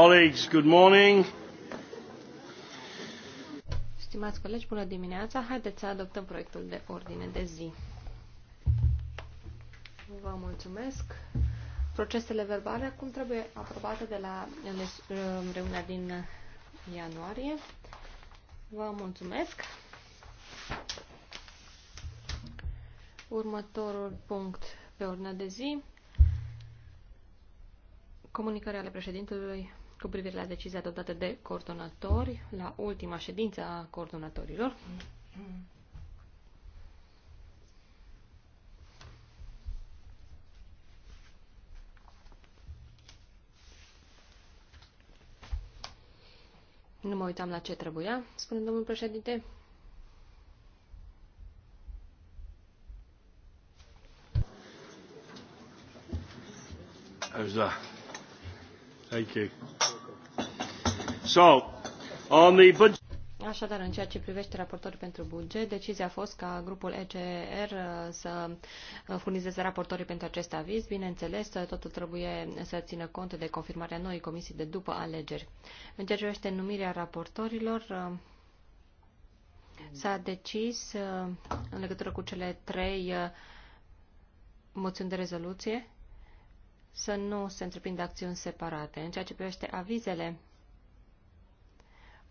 Colleagues, good morning. Stimați colegi, bună dimineața. Haideți să adoptăm proiectul de ordine de zi. Vă mulțumesc. Procesele verbale acum trebuie aprobate de la uh, reuniunea din ianuarie. Vă mulțumesc. Următorul punct pe ordinea de zi comunicarea ale președintelui cu privire la decizia adoptată de coordonatori la ultima ședință a coordonatorilor. Nu mă uitam la ce trebuia, spune domnul președinte. Așa da. Hai că Așadar, în ceea ce privește raportorii pentru buget, decizia a fost ca grupul ECR uh, să uh, furnizeze raportorii pentru acest aviz. Bineînțeles, uh, totul trebuie să țină cont de confirmarea noii comisii de după alegeri. În ceea ce privește numirea raportorilor, s-a decis în legătură cu cele trei moțiuni de rezoluție să nu se întreprindă acțiuni separate. În ceea ce privește avizele,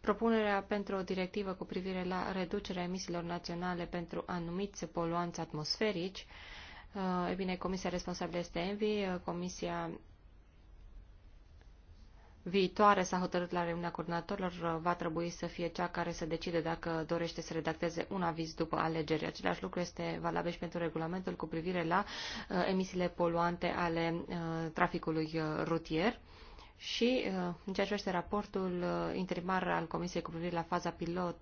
Propunerea pentru o directivă cu privire la reducerea emisiilor naționale pentru anumiți poluanți atmosferici. Uh, e bine, comisia responsabilă este ENVI, uh, comisia viitoare s-a hotărât la reuniunea coordonatorilor, uh, va trebui să fie cea care să decide dacă dorește să redacteze un aviz după alegeri. Același lucru este valabil și pentru regulamentul cu privire la emisiile poluante ale traficului rutier. Și uh, în ceea ce privește raportul uh, interimar al Comisiei cu privire la faza pilot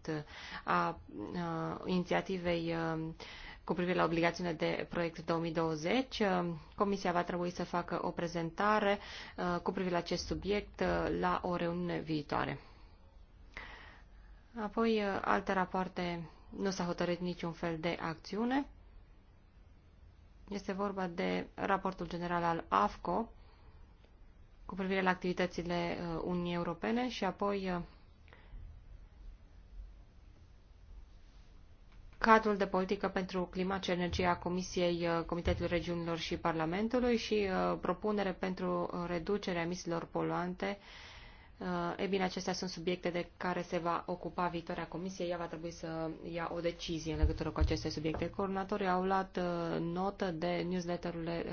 a uh, inițiativei cu privire la obligațiune de proiect 2020. Comisia va trebui să facă o prezentare cu privire la acest subiect la o reuniune viitoare. Apoi, alte rapoarte, nu s-a hotărât niciun fel de acțiune. Este vorba de raportul general al AFCO cu privire la activitățile uh, Uniunii Europene și apoi uh, cadrul de politică pentru climat și energie a Comisiei uh, Comitetului Regiunilor și Parlamentului și propunere pentru reducerea emisiilor poluante. E bine, acestea sunt subiecte de care se va ocupa viitoarea comisie. Ea va trebui să ia o decizie în legătură cu aceste subiecte. Coordonatorii au luat notă de newsletterurile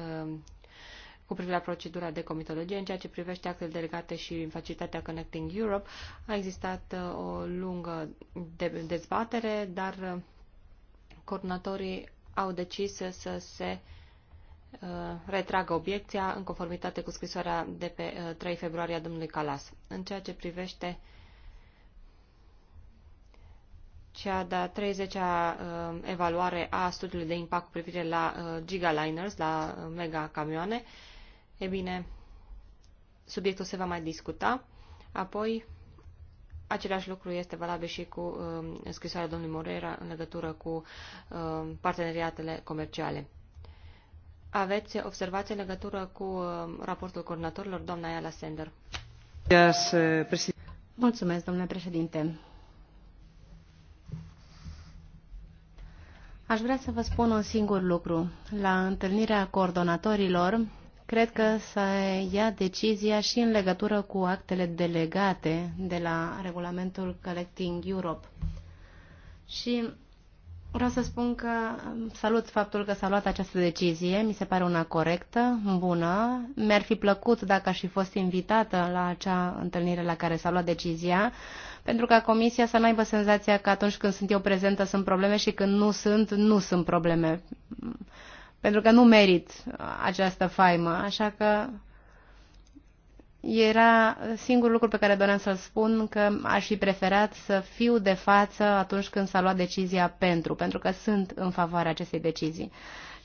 cu privire la procedura de comitologie. În ceea ce privește actele delegate și facilitatea Connecting Europe, a existat uh, o lungă de dezbatere, dar uh, coordonatorii au decis să se uh, retragă obiecția în conformitate cu scrisoarea de pe 3 februarie a domnului Calas. În ceea ce privește cea de-a 30-a evaluare a studiului de impact cu privire la gigaliners, la mega camioane, E bine, subiectul se va mai discuta. Apoi, același lucru este valabil și cu uh, scrisoarea domnului Morera în legătură cu uh, parteneriatele comerciale. Aveți observații în legătură cu uh, raportul coordonatorilor, doamna Iala Sender? Uh, Mulțumesc, domnule președinte. Aș vrea să vă spun un singur lucru. La întâlnirea coordonatorilor Cred că să ia decizia și în legătură cu actele delegate de la regulamentul Collecting Europe. Și vreau să spun că salut faptul că s-a luat această decizie, mi se pare una corectă, bună. Mi-ar fi plăcut dacă aș fi fost invitată la acea întâlnire la care s-a luat decizia, pentru ca comisia să n-aibă senzația că atunci când sunt eu prezentă sunt probleme și când nu sunt, nu sunt probleme pentru că nu merit uh, această faimă, așa că era singurul lucru pe care doream să-l spun că aș fi preferat să fiu de față atunci când s-a luat decizia pentru, pentru că sunt în favoarea acestei decizii.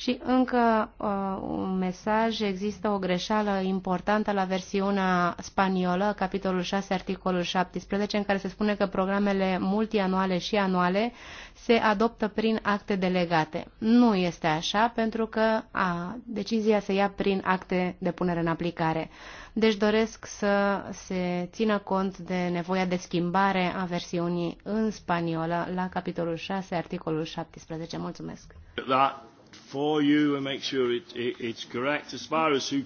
Și încă uh, un mesaj, există o greșeală importantă la versiunea spaniolă, capitolul 6, articolul 17, în care se spune că programele multianuale și anuale se adoptă prin acte delegate. Nu este așa, pentru că a, decizia se ia prin acte de punere în aplicare. Deci doresc să se țină cont de nevoia de schimbare a versiunii în spaniolă la capitolul 6, articolul 17. Mulțumesc! Da for you and make sure it, it, it's correct as far as who...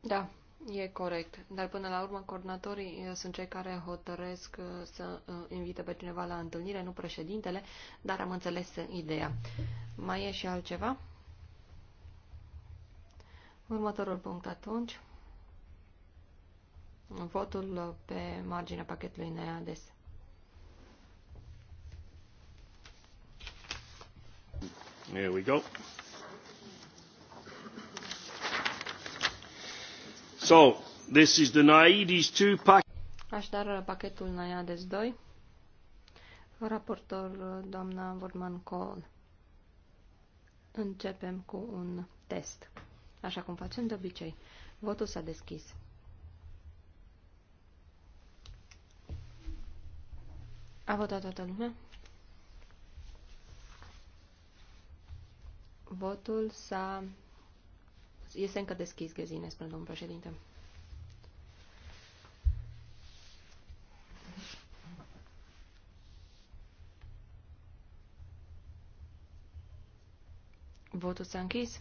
Da, e corect. Dar până la urmă, coordonatorii uh, sunt cei care hotăresc uh, să uh, invite pe cineva la întâlnire, nu președintele, dar am înțeles ideea. Mai e și altceva? Următorul punct atunci. Votul pe marginea pachetului NEADES. There we go. So, this is the NAIDES 2 pack. Așadar, pachetul NAIADES 2. Raportor doamna Vorman Cole. Începem cu un test. Așa cum facem de obicei. Votul s-a deschis. A votat toată lumea? Votul s-a... Este încă deschis, găzine, spune domnul președinte. Votul s-a închis.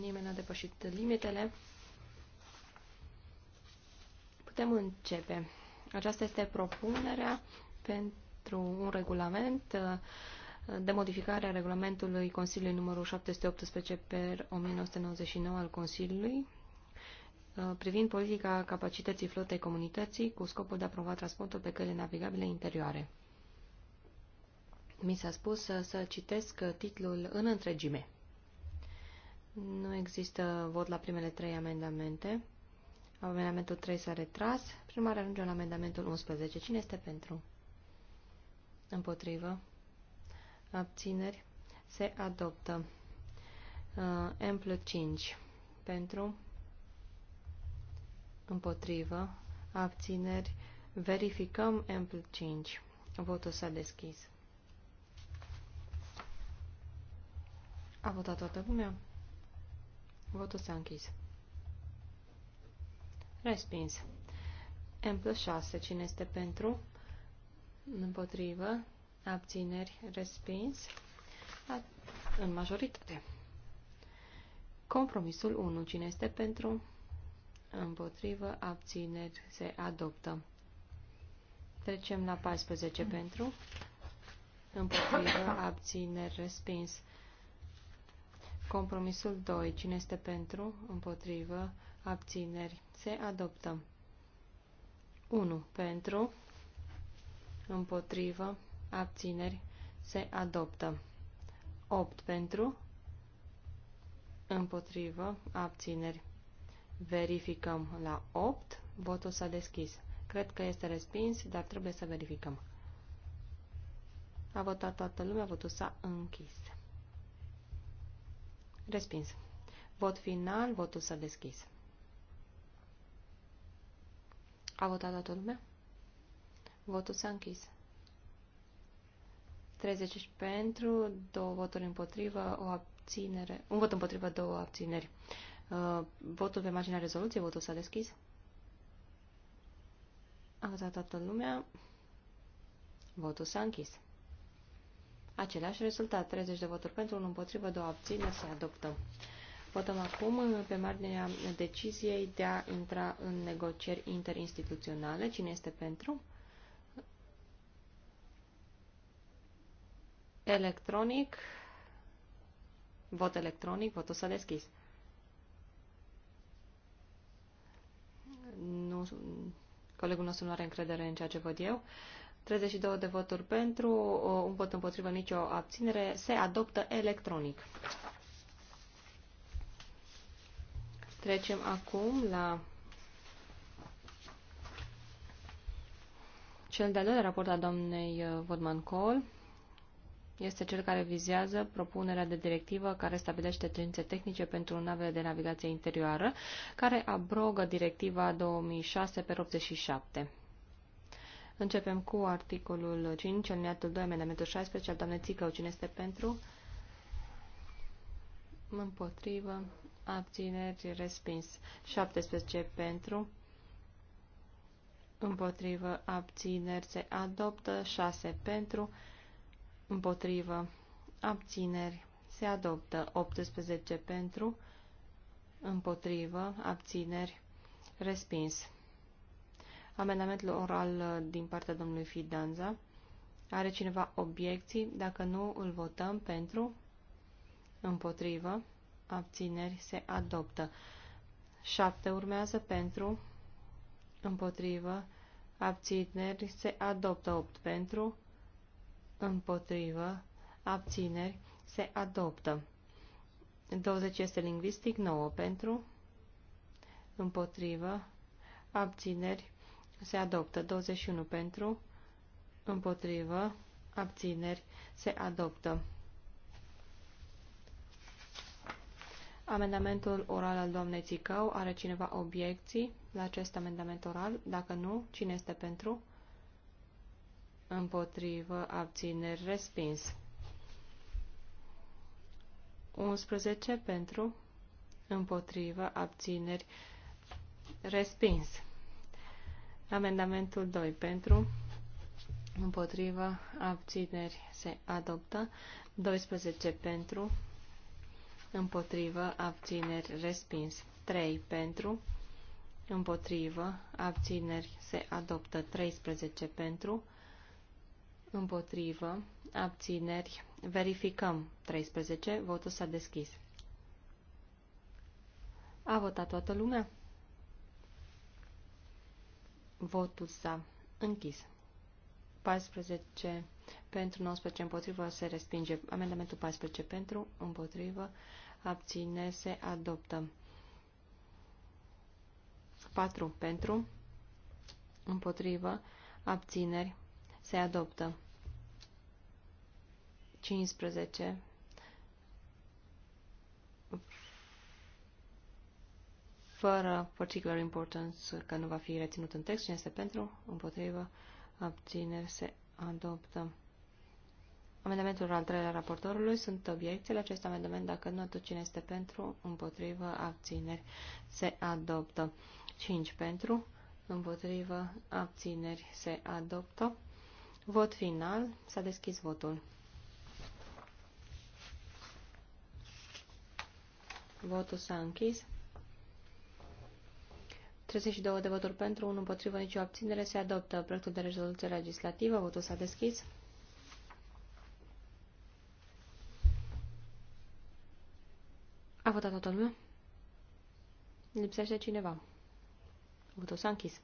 Nimeni n-a depășit limitele. Putem începe. Aceasta este propunerea pentru un regulament de modificare a regulamentului Consiliului numărul 718 per 1999 al Consiliului uh, privind politica capacității flotei comunității cu scopul de a promova transportul pe căile navigabile interioare. Mi s-a spus să, să citesc titlul în întregime. Nu există vot la primele trei amendamente. Amendamentul 3 s-a retras. Prin ajunge la amendamentul 11. Cine este pentru? Împotrivă abțineri, se adoptă. Uh, plus 5 pentru, împotrivă, abțineri, verificăm plus 5. Votul s-a deschis. A votat toată lumea? Votul s-a închis. Respins. M plus 6. Cine este pentru? Împotrivă abțineri, respins în majoritate. Compromisul 1. Cine este pentru? Împotrivă, abțineri, se adoptă. Trecem la 14 pentru. Împotrivă, abțineri, respins. Compromisul 2. Cine este pentru? Împotrivă, abțineri, se adoptă. 1. Pentru. Împotrivă, abțineri, se adoptă. 8 pentru, împotrivă, abțineri. Verificăm la 8, votul s-a deschis. Cred că este respins, dar trebuie să verificăm. A votat toată lumea, votul s-a închis. Respins. Vot final, votul s-a deschis. A votat toată lumea? Votul s-a închis. 30 pentru, două voturi împotrivă, o abținere, un vot împotrivă, două abțineri. Uh, votul pe marginea rezoluției, votul s-a deschis. A votat toată lumea. Votul s-a închis. Același rezultat, 30 de voturi pentru, un împotrivă, două abțineri, se adoptă. Votăm acum pe marginea deciziei de a intra în negocieri interinstituționale. Cine este pentru? electronic. Vot electronic, votul s-a deschis. Nu, colegul nostru nu are încredere în ceea ce văd eu. 32 de voturi pentru, un vot împotrivă, nicio abținere. Se adoptă electronic. Trecem acum la cel de-al doilea raport al doamnei uh, Vodman Cole este cel care vizează propunerea de directivă care stabilește cerințe tehnice pentru navele de navigație interioară, care abrogă directiva 2006 per 87. Începem cu articolul 5, alineatul 2, amendamentul 16 al doamnei Țicău. Cine este pentru? Împotrivă. Abțineri. Respins. 17 pentru. Împotrivă. Abțineri. Se adoptă. 6 pentru împotrivă, abțineri, se adoptă 18 pentru, împotrivă, abțineri, respins. Amendamentul oral uh, din partea domnului Fidanza. Are cineva obiecții? Dacă nu, îl votăm pentru, împotrivă, abțineri, se adoptă. 7 urmează pentru, împotrivă, abțineri, se adoptă 8 pentru, împotrivă, abțineri, se adoptă. 20 este lingvistic, 9 pentru, împotrivă, abțineri, se adoptă. 21 pentru, împotrivă, abțineri, se adoptă. Amendamentul oral al doamnei Țicău. Are cineva obiecții la acest amendament oral? Dacă nu, cine este pentru? împotrivă, abțineri, respins. 11 pentru, împotrivă, abțineri, respins. Amendamentul 2 pentru, împotrivă, abțineri, se adoptă. 12 pentru, împotrivă, abțineri, respins. 3 pentru, împotrivă, abțineri, se adoptă. 13 pentru, împotrivă, abțineri, verificăm 13, votul s-a deschis. A votat toată lumea? Votul s-a închis. 14 pentru, 19 împotrivă, se respinge. Amendamentul 14 pentru, împotrivă, abține, se adoptă. 4 pentru, împotrivă, abțineri, se adoptă. 15. Fără particular importance, că nu va fi reținut în text, cine este pentru, împotrivă, abține, se adoptă. Amendamentul al treilea raportorului sunt obiecții la acest amendament. Dacă nu, atunci cine este pentru, împotrivă, abțineri, se adoptă. 5 pentru, împotrivă, abțineri, se adoptă. Vot final. S-a deschis votul. Votul s-a închis. 32 de voturi pentru, 1 împotrivă, nicio abținere. Se adoptă proiectul de rezoluție legislativă. Votul s-a deschis. A votat toată lumea? Lipsește cineva. Votul s-a închis.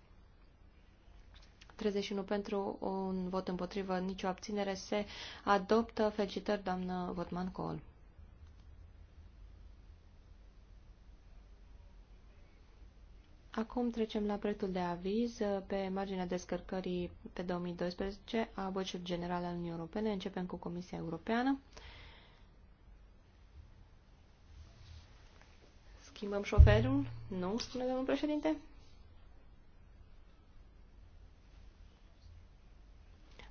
31 pentru, un vot împotrivă, nicio abținere. Se adoptă. Felicitări, doamnă Votman Col. Acum trecem la proiectul de aviz pe marginea descărcării pe 2012 a Băciului General al Uniunii Europene. Începem cu Comisia Europeană. Schimbăm șoferul? Nu, spune domnul președinte.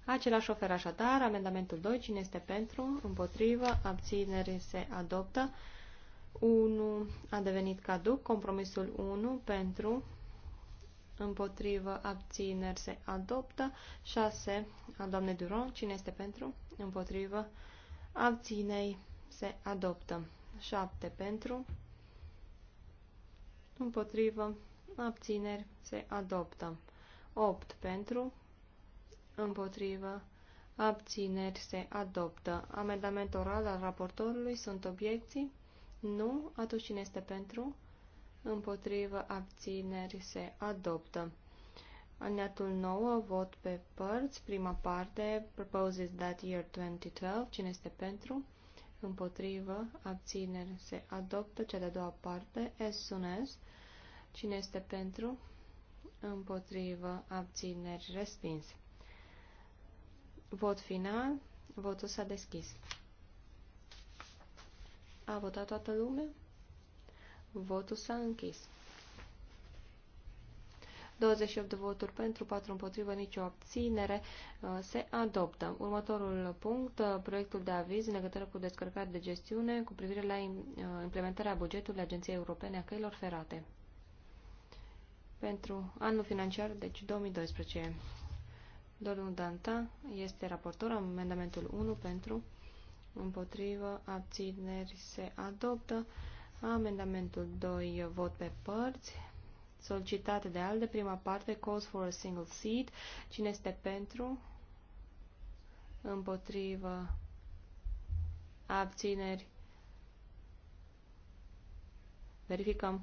Același ofer așadar amendamentul 2. Cine este pentru? Împotrivă. Abținere se adoptă. 1 a devenit caduc. Compromisul 1 pentru. Împotrivă. Abțineri se adoptă. 6 a doamnei Duron. Cine este pentru? Împotrivă. Abținei se adoptă. 7 pentru. Împotrivă. Abțineri se adoptă. 8 pentru Împotrivă. Abțineri se adoptă. Amendament oral al raportorului. Sunt obiecții? Nu. Atunci cine este pentru? Împotrivă. Abțineri se adoptă. Aniatul 9, vot pe părți, prima parte, proposes that year 2012, cine este pentru, împotrivă, abțineri, se adoptă, cea de-a doua parte, as soon as, cine este pentru, împotrivă, abțineri, respins. Vot final. Votul s-a deschis. A votat toată lumea? Votul s-a închis. 28 de voturi pentru, 4 împotrivă, nicio abținere. Uh, se adoptă. Următorul punct, uh, proiectul de aviz în legătură cu descărcarea de gestiune cu privire la uh, implementarea bugetului Agenției Europene a Căilor Ferate pentru anul financiar, deci 2012. Domnul Danta este raportor amendamentul 1 pentru împotrivă abțineri se adoptă. Amendamentul 2 vot pe părți solicitate de al de prima parte calls for a single seat. Cine este pentru? Împotrivă abțineri verificăm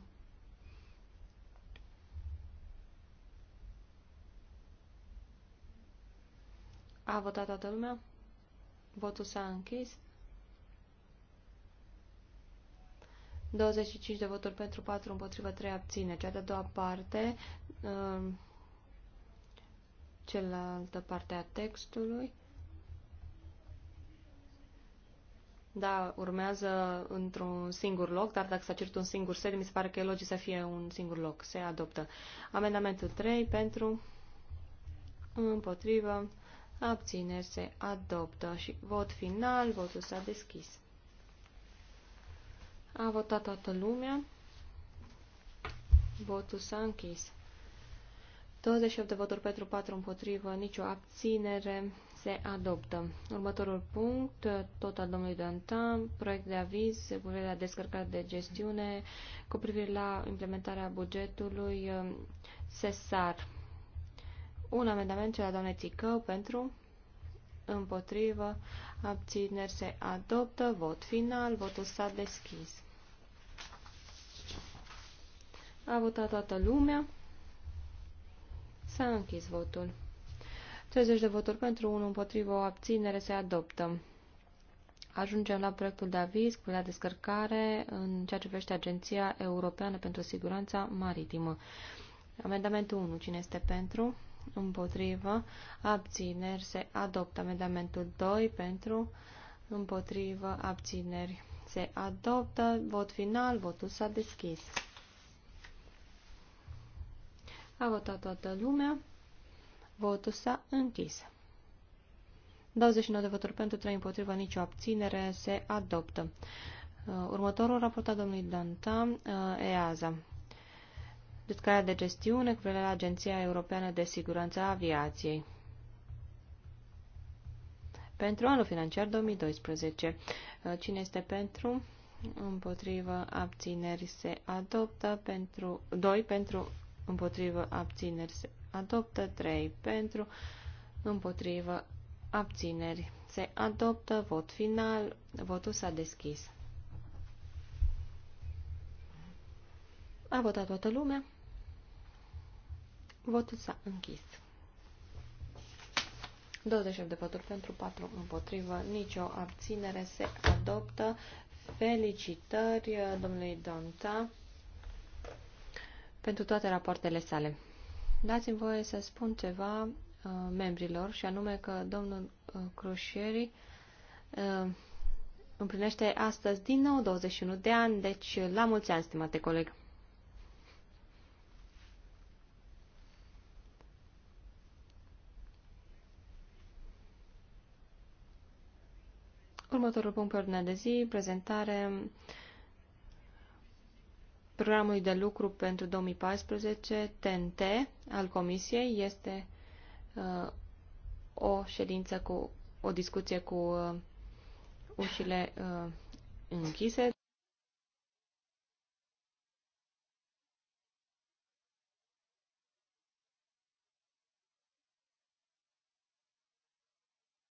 A votat toată lumea? Votul s-a închis. 25 de voturi pentru 4 împotriva 3 abține. Cea de-a doua parte, um, cealaltă parte a textului. Da, urmează într-un singur loc, dar dacă s-a cerut un singur set, mi se pare că e logic să fie un singur loc. Se adoptă. Amendamentul 3 pentru împotrivă abțineri se adoptă. Și vot final, votul s-a deschis. A votat toată lumea. Votul s-a închis. 28 de voturi pentru 4 împotrivă, nicio abținere se adoptă. Următorul punct, tot al domnului Dantan, proiect de aviz, la descărcare de gestiune cu privire la implementarea bugetului eh, SESAR un amendament cel al Țicău pentru, împotrivă, abțineri se adoptă, vot final, votul s-a deschis. A votat toată lumea. S-a închis votul. 30 de voturi pentru, 1 împotrivă, o abținere se adoptă. Ajungem la proiectul de aviz cu la descărcare în ceea ce privește Agenția Europeană pentru Siguranța Maritimă. Amendamentul 1. Cine este pentru? împotrivă, abțineri, se adoptă. Amendamentul 2 pentru, împotrivă, abțineri, se adoptă. Vot final, votul s-a deschis. A votat toată lumea. Votul s-a închis. 29 de voturi pentru, 3 împotrivă, nicio abținere, se adoptă. Uh, următorul raport al domnului Danta, uh, EASA descarea de gestiune cu la Agenția Europeană de Siguranță a Aviației pentru anul financiar 2012. Uh, cine este pentru? Împotrivă abțineri se adoptă. Pentru 2 pentru împotrivă abțineri se adoptă. 3 pentru împotrivă abțineri se adoptă. Vot final. Votul s-a deschis. A votat toată lumea? Votul s-a închis. 28 de voturi pentru 4 împotrivă, nicio abținere se adoptă. Felicitări uh, domnului Donta pentru toate rapoartele sale. Dați-mi voie să spun ceva uh, membrilor, și anume că domnul uh, Crușieri uh, împlinește astăzi din nou 21 de ani, deci la mulți ani, stimate coleg. Următorul punct pe ordinea de zi, prezentare programului de lucru pentru 2014, TNT, al Comisiei. Este uh, o ședință cu o discuție cu uh, ușile uh, închise.